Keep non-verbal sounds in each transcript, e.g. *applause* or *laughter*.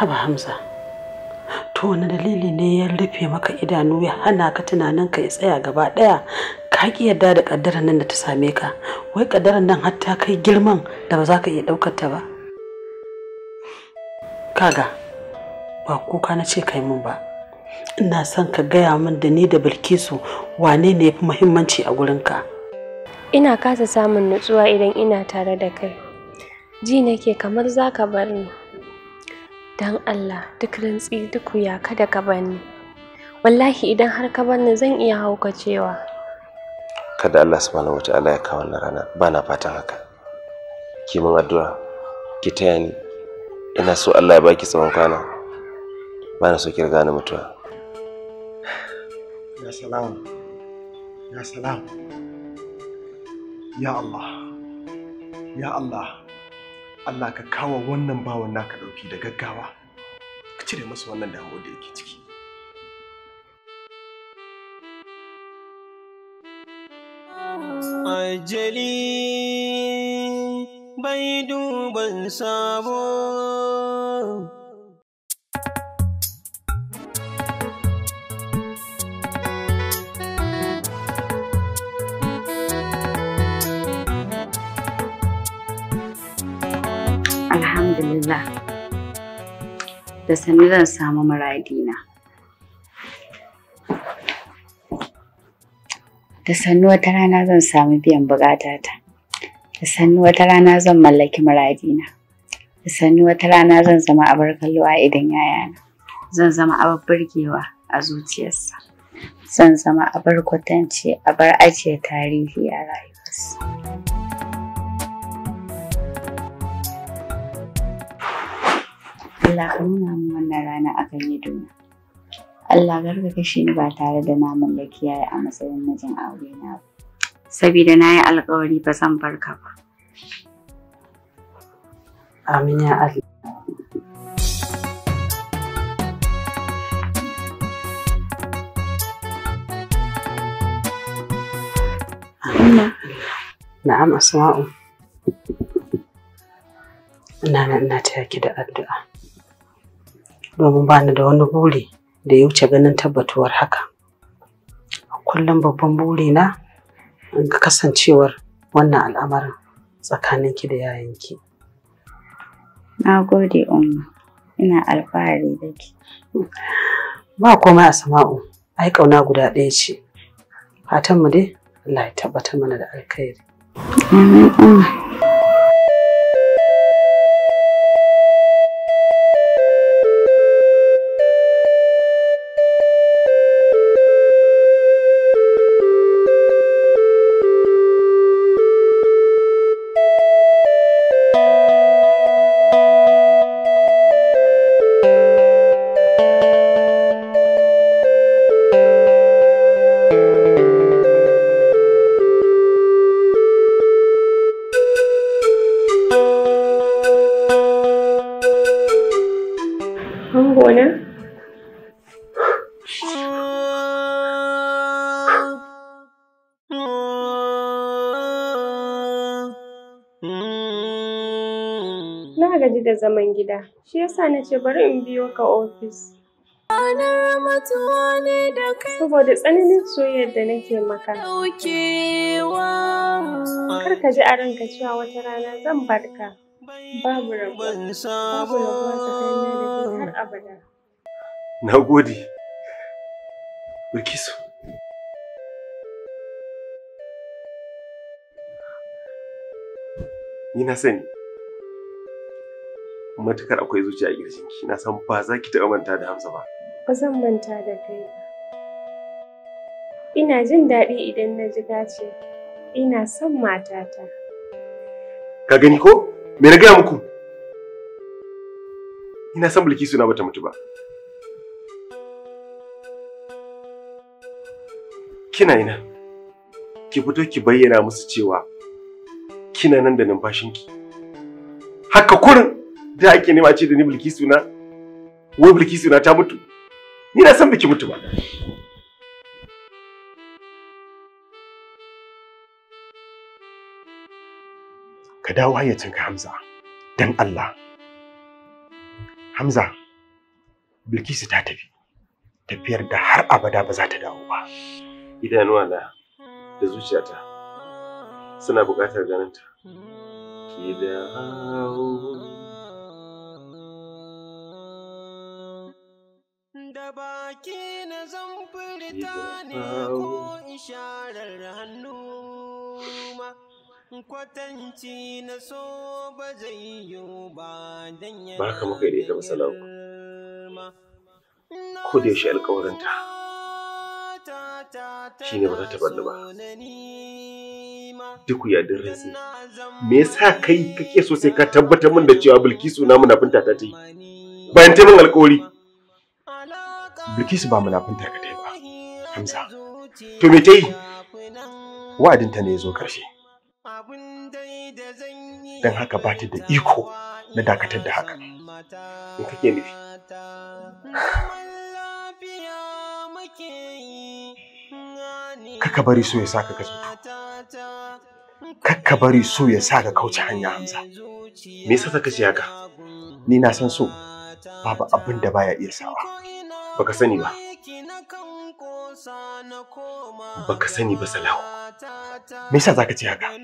haba hamza to wani dalili ne ya rufe maka idanu ya hana ka tunanin ka ya tsaya gaba ɗaya ka ki yarda da kaddaran nan da ta same ka wai ƙaddarar nan har ta kai girman da ba za ka iya daukar ta ba kaga ba kuka na ce kai mun ba ina son ka gaya min da ni da bilkisu wane ne ya fi muhimmanci a ka ina kasa samun nutsuwa idan ina tare da kai ji nake kamar za ka bar ni don Allah duk rantsi duk wuya kada ka bani wallahi idan har ka bani zan iya cewa. kada Allah subhanahu wata'ala ya kawo wannan rana ba na fatan haka ki mun addu'a ki taya ni ina so Allah ya baki tsawon kwana ba na so ki riga ni mutuwa ya salam ya salam ya Allah ya Allah Allah ka kawo wannan bawan naka ɗauki da gaggawa ka cire masa wannan damuwa da yake ciki ajali bai duban sabo alhamdulillah da sannu zan samu muradina da sannu wata rana zan samu biyan bukatata da sannu wata rana zan mallaki muradina da sannu wata rana zan zama abar kallo a idan yayana zan zama abar burgewa a zuciyarsa zan zama abar a abar ajiye tarihi a rayuwarsa Allah ka nuna mu wannan rana a kan yadona. Allah garga kashi ni ba tare da naman da kiyaye a matsayin mijin aure na ba. Sabida na yi alkawari ba zan bar ba. Amin ya Allah. Na'am Asma'u. Ina nan ina taya ki da addu'a. domin ba ni da wani buri da ya wuce ganin tabbatuwar haka. Kullum babban burina in ga kasancewar wannan al'amarin tsakaninki da yayanki. Na gode Umma, ina alfahari da ki. Ba komai a sama'u, ai ƙauna guda ɗaya ce. Fatanmu dai Allah ya tabbatar mana da alkhairi. Amin Umma. na gaji da zaman gida, shi yasa na ce bari in biyo ka ofis. Saboda tsananin soyayyar da nake maka. Kar ka ji a ranka cewa wata rana zan barka. Babu rabuwa, babu rabuwa har abada. Na gode. Burkisu. Ni sani. matukar akwai zuciya a ki, na san ba za ki taɓa manta da Hamza ba. Ba zan manta da kai ba. Ina jin daɗi idan na ji dace, ina son matata. Ka gani ko? Me na gaya muku? Ina san Bilkisu na bata mutu ba. Kina ina. Ki fito ki bayyana musu cewa kina nan da numfashinki. Haka kurin da ake nema ce da ni bilkisu na wai bilkisu na ta mutu ni na san biki mutu ba ka dawo ka hamza dan allah hamza bilkisu ta tafi tafiyar da har abada ba za ta dawo ba idanuwa na da zuciyata suna buƙatar ganinta ki baki na zan furta ne ko isharar hannu ma kwatanci na so ba zai yi ba dan yana ba ka muka yi da masalan ko da yaushe alƙawarinta shi ne ba za ta balli ba duk ya din rantsi me yasa kai kake so sai ka tabbatar min da cewa bilkisu na munafinta ta ta yi bayan taimin alƙawari Bilkisu ba munafunta kadai ba, Hamza. To me ta yi? Wa'adinta ne ya zo ƙarshe. Don haka ba ta da iko na dakatar da haka. Me kake nufi? Kaka bari so ya saka ka zuto. Kaka bari so ya saka kauce hanya Hamza. Me yasa ta kace haka? Ni na san so babu abin da baya iya sawa. baka sani ba baka sani ba salahu me yasa zaka ce haka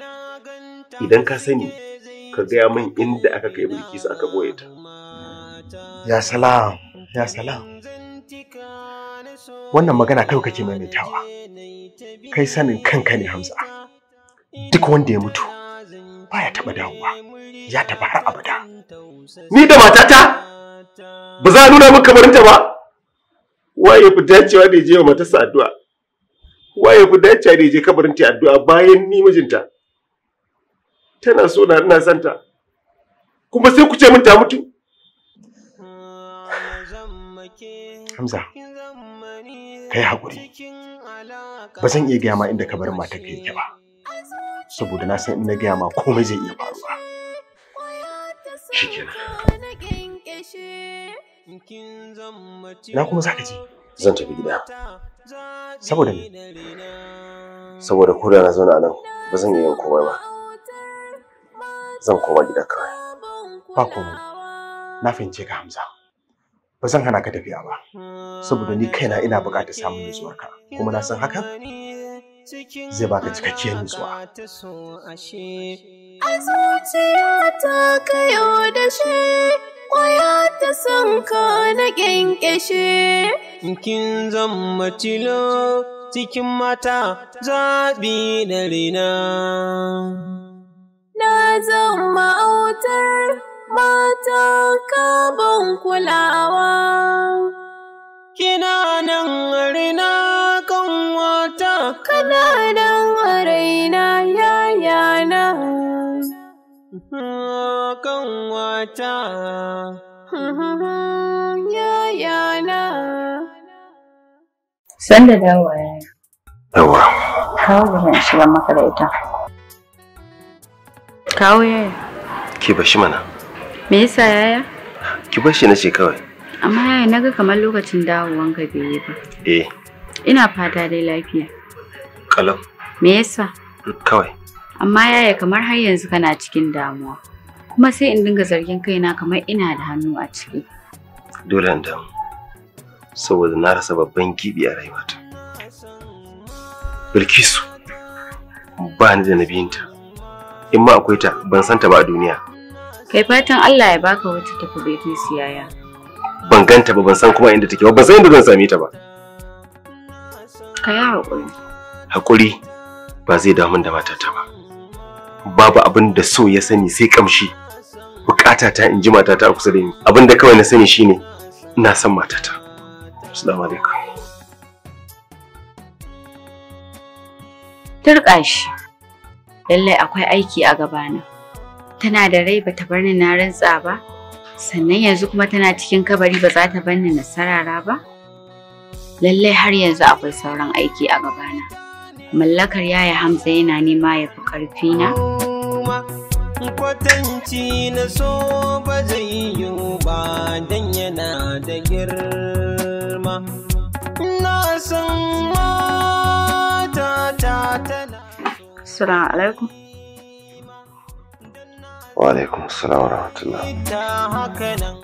idan ka sani ka gaya min inda aka kai bilkisu aka boye ta ya salam ya salam wannan magana kai kake maimaitawa kai sanin kanka ne hamza duk wanda ya mutu baya taba dawowa ya taba har abada ni da matata ba za a nuna min kamarinta ba waye fi dacewa da je wa matarsa addu'a waye fi dacewa da je kabarin ta addu'a bayan ni mijinta tana so na ina ta kuma sai ku ce min ta mutu Hamza kai hakuri ba zan iya gaya ma inda kabarin matar ka yake ba saboda na san in na gaya ma komai zai iya faruwa shikenan na kuma ka je zan tafi gida saboda me saboda ko da na zauna nan ba zan iya yin komai ba zan koma gida kawai ba komai na fahimce ka hamza ba zan hana ka tafiya ba saboda ni kaina ina buƙatar samun nutsuwar ka kuma na san hakan zai baka cikakkiyar nutsuwa a zuciya ta kayo da shi ƙwaya ta san ka na ƙyanƙyashe. Kin zama tilo cikin mata zaɓi da rina. Na zama autar mata kaban kulawa. Kina nan rina kan wata, kana nan raina. ƙanwata. *laughs* Yayana. Sanda dawowa ya yi. Yawa. Kawo ba zan makaranta. Kawo yaya. Ki shi mana. Me yasa yaya? Ki ba shi na ce kawai. Amma yaya na ga kamar lokacin ka bai yi ba. Eh. Ina fata dai lafiya. Kalau. Me yasa? Kawai. Amma yaya kamar har yanzu kana cikin damuwa. kuma sai in dinga zargin kaina kamar ina da hannu a ciki. Dole in damu, saboda na rasa babban gibi a rayuwata. Bilkisu, ba ni da nabiyinta, in ma akwai ta ban san ta ba a duniya. Kai fatan Allah ya baka wacce ta fi ta siyaya. Ban ganta ba ban san kuma inda take ba ban san inda zan same ta ba. Ka yi haƙuri. ba zai damun da matata ba. babu abin da so ya sani sai kamshi. bukata ta in ji matata a kusa da ni abinda kawai na sani shine ina son matata assalamu alaikum turka shi lallai akwai aiki a gabana tana da rai bata bar ni na rantsa ba sannan yanzu kuma tana cikin kabari ba za ta bar ni na ba lallai har yanzu akwai sauran aiki a gabana mallakar yaya hamza yana nema ya fi karfi na kwatanci na so ba zai yi ba dan yana da girma na san mata ta tana Assalamu alaikum wa alaikum assalam wa Ɗan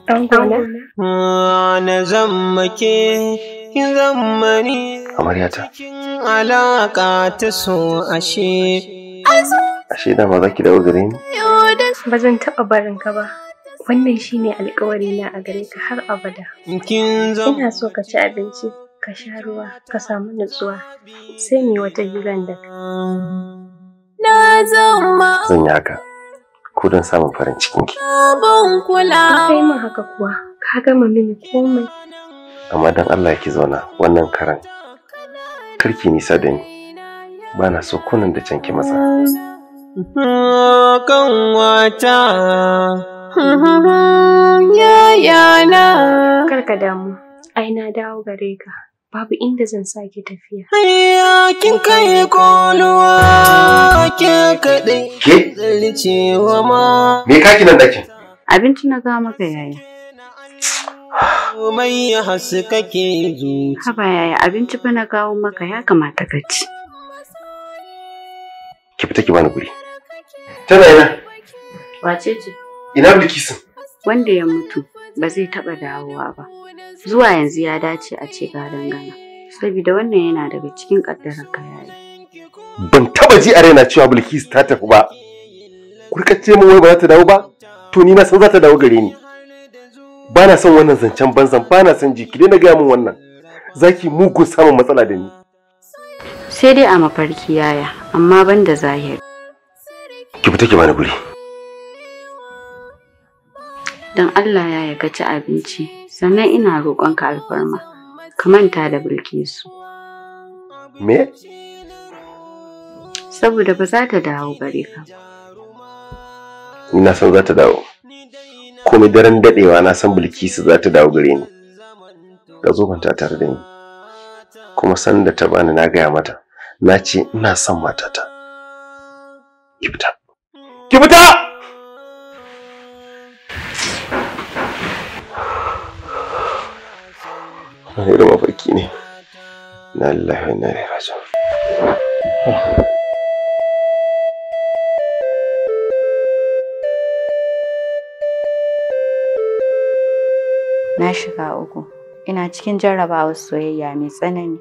dan gwana na zammake cikin zamani kamar cikin alaka ta so ashe ashe da za ki dawo gare ni ba zan taɓa barin ka ba wannan shine alkawari na a gare ka har abada ina so ka ci abinci ka sha ruwa ka samu nutsuwa sai mu wata hira da ka. zan yi haka ko don samun farin cikin ki ka kai min haka kuwa ka gama mini komai amma don Allah ki zauna wannan karan karki nisa da ni ba na so kunan da can ki matsa Kanwata *laughs* yayana. Karka damu, ai na dawo gare ka. Babu inda zan sake tafiya. Ayya! kin kai koluwa ke kaɗai. Ke? Zalicewa ma. Me ka nan dakin? Abinci na ga maka yaya. Mai hasu kake zuci. Haba yaya abinci fa na kawo maka ya kamata ka ci. Ki fita ki bani guri. Tana ina? Wace ce? Ina Bilkisu? Wanda ya mutu ba zai taɓa dawowa ba. Zuwa yanzu ya dace a ce ga dangana. Saboda wannan yana daga cikin ƙaddarar kayayi. Ban taɓa ji a raina cewa bilkis ta tafi ba. Kurka ce min wai ba za ta dawo ba? To ni na san za ta dawo gare ni. Ba na son wannan zancen banzan, ba na son jiki, na gaya min wannan. Zaki mugun samun matsala da ni. Sai dai a mafarki yaya, amma ban da zahiri. ki fita ki bani guri don Allah ya yaga ci abinci sannan ina roƙonka alfarma ka manta da bilkisu me saboda ba za ta dawo gare ka ni na san za ta dawo komai daren dadewa na san bilkisu za ta dawo gare ni ka zo kwanta tare da ni kuma san da ta bani na gaya mata na ce ina son matata ki fita ki fita wani irin mafarki ne na Allah wa na ilaihi raji'un na shiga uku ina cikin jarrabawar soyayya mai tsanani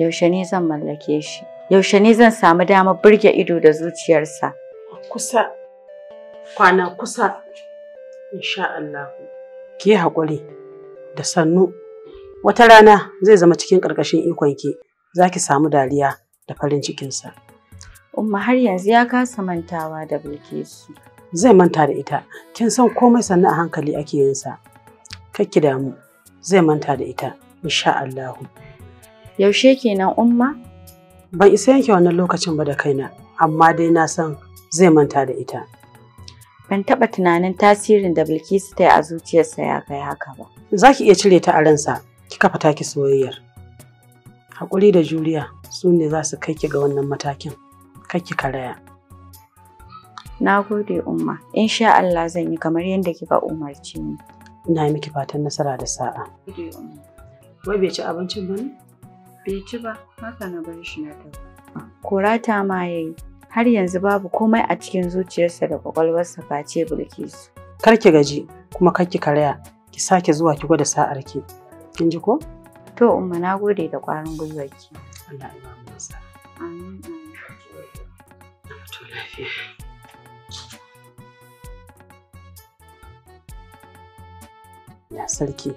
yaushe ne zan mallake shi yaushe ne zan samu damar burge ido da zuciyarsa kusa kwana kusa insha Allah ki haƙuri da sannu wata rana zai zama cikin ƙarƙashin ikonki za ki samu dariya da farin cikinsa. Umma har yanzu ya kasa mantawa da Bilkisu. Zai manta da ita, kin san komai sannu a hankali ake yin sa. Kakki damu, zai manta da ita, insha Allah. Yaushe kenan Umma? Ban isa yanke wannan lokacin ba da kaina, amma dai na san zai manta da ita. Ban taɓa tunanin tasirin da Bilkisu ta yi a zuciyarsa ya kai haka ba. Za ki iya cire ta a ransa, ki kafa ki soyayyar. Hakuri da juriya su ne za su kai ki ga wannan matakin, kai ki karaya. Na gode Umma, insha Allah zan yi kamar yadda kika umarci ni. Ina miki fatan nasara da sa'a. Wai bai ci abincin ba ne? Bai ci ba, haka na bar shi na tafi. Kura ta ma yayi. har yanzu babu komai a cikin zuciyarsa da kwakwalwarsa face birkisu. Kar ki gaji kuma kar ki karaya ki sake zuwa ki gwada sa'ar ki. Kin ji ko? To umma na gode da ƙwarin gwiwarki. Allah ya ba mu ya sarki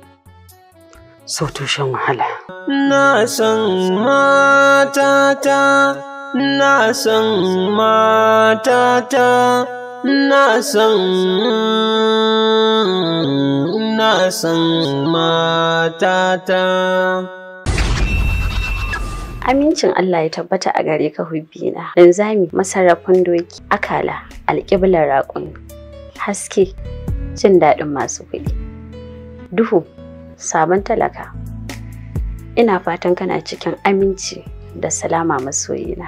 wahala na san mata ta. na san matata na san na san matata amincin Allah ya tabbata a gare ka hubbina linzami masarrafin doki akala alƙiblar raƙon haske cin daɗin masu kuɗi duhu sabon talaka ina fatan kana cikin aminci da salama masoyina.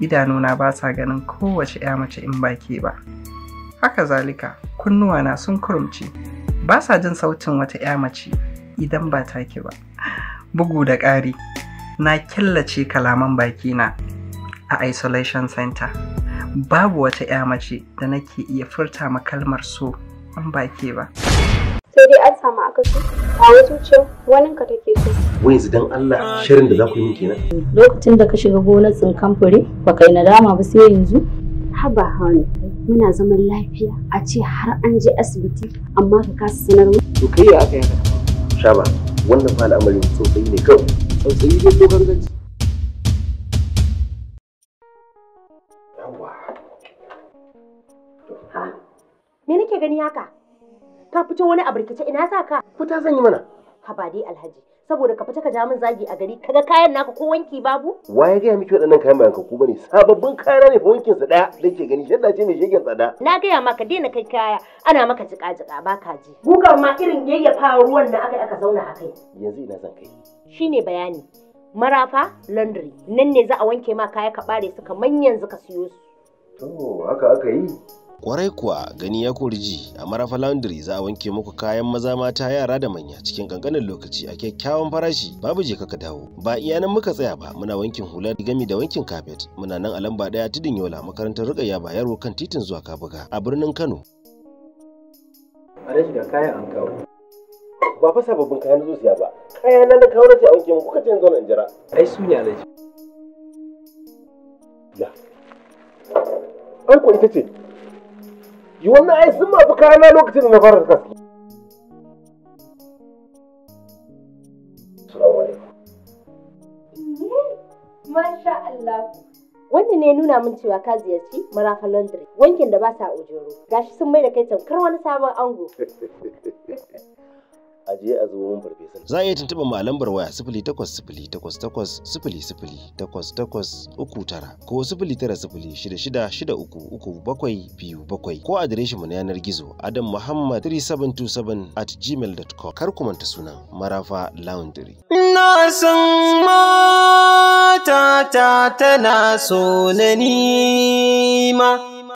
Idanuna ba sa ganin kowace 'ya mace in baki ba. Haka zalika, kunnuwana sun kurumci. ba sa jin sautin wata 'ya mace idan ba ta take ba. Bugu da ƙari, na killace kalaman bakina a isolation center. Babu wata 'ya mace da nake iya furta ma kalmar so in baki ba. dai an samu akasi a wasu ce ka take so wai yanzu dan Allah shirin da za ku yi kenan lokacin da ka shiga gonar tsinkan fure ba kai nadama ba sai yanzu haba hani muna zaman lafiya a ce har an je asibiti amma ka kasa sanar mu to kai ya aka shaba wannan fa al'amarin sosai ne kawai sosai ne ko ganganci me nake gani haka ka fito wani a birkice, ina sa ka fita zan yi mana ha dai alhaji saboda ka fita ka ja min zagi a gari kaga kayan naka ko wanki babu waye ga miki waɗannan kayan bayan ku bane sababbin kayan ne fa wankin su daya ke gani shedda ce mai shegen tsada na gaya maka daina kai kaya ana maka jika jika ba ka ji gugar ma irin yayyafa ruwan da aka aka zauna a kai yanzu ina zan kai shine bayani marafa laundry nan ne za a wanke ma kaya ka bare su ka yanzu ka siyo su to haka aka yi Kwarai kuwa gani ya kori ji a Marafa Laundry za a wanke muku kayan maza mata yara da manya cikin kankanin lokaci a kyakkyawan farashi babu je ka dawo. Ba iya nan muka tsaya ba muna wankin hula gami da wankin kafet muna nan a lamba daya tudun yola makarantar rukayya yaro kan titin zuwa kabuga a birnin Kano. A shiga kayan an kawo. Ba fa sababbin kayan zo ba. Kaya na da kawo na ce a wanke muku kace in jira. Ai su ne alaji. Ya. Ai ko ita ce yi wannan ai sun mafi na lokacin da na fara kasu Masha Allah. ne nuna min cewa ka ziyarci Marafa Laundry, wankin da ba sa ojoro. Gashi sun mai da kai tamkar wani sabon ango. *laughs* a a zubo mun farfesa za a iya tuntuɓa mu a lambar waya sifili takwas sifili takwas takwas sifili sifili takwas takwas uku tara ko sifili tara sifili shida shida shida uku uku bakwai biyu bakwai ko adireshin mu na yanar gizo adam muhammad 3727 at gmail.com kar ku manta sunan marafa laundry na san matata tana so na nima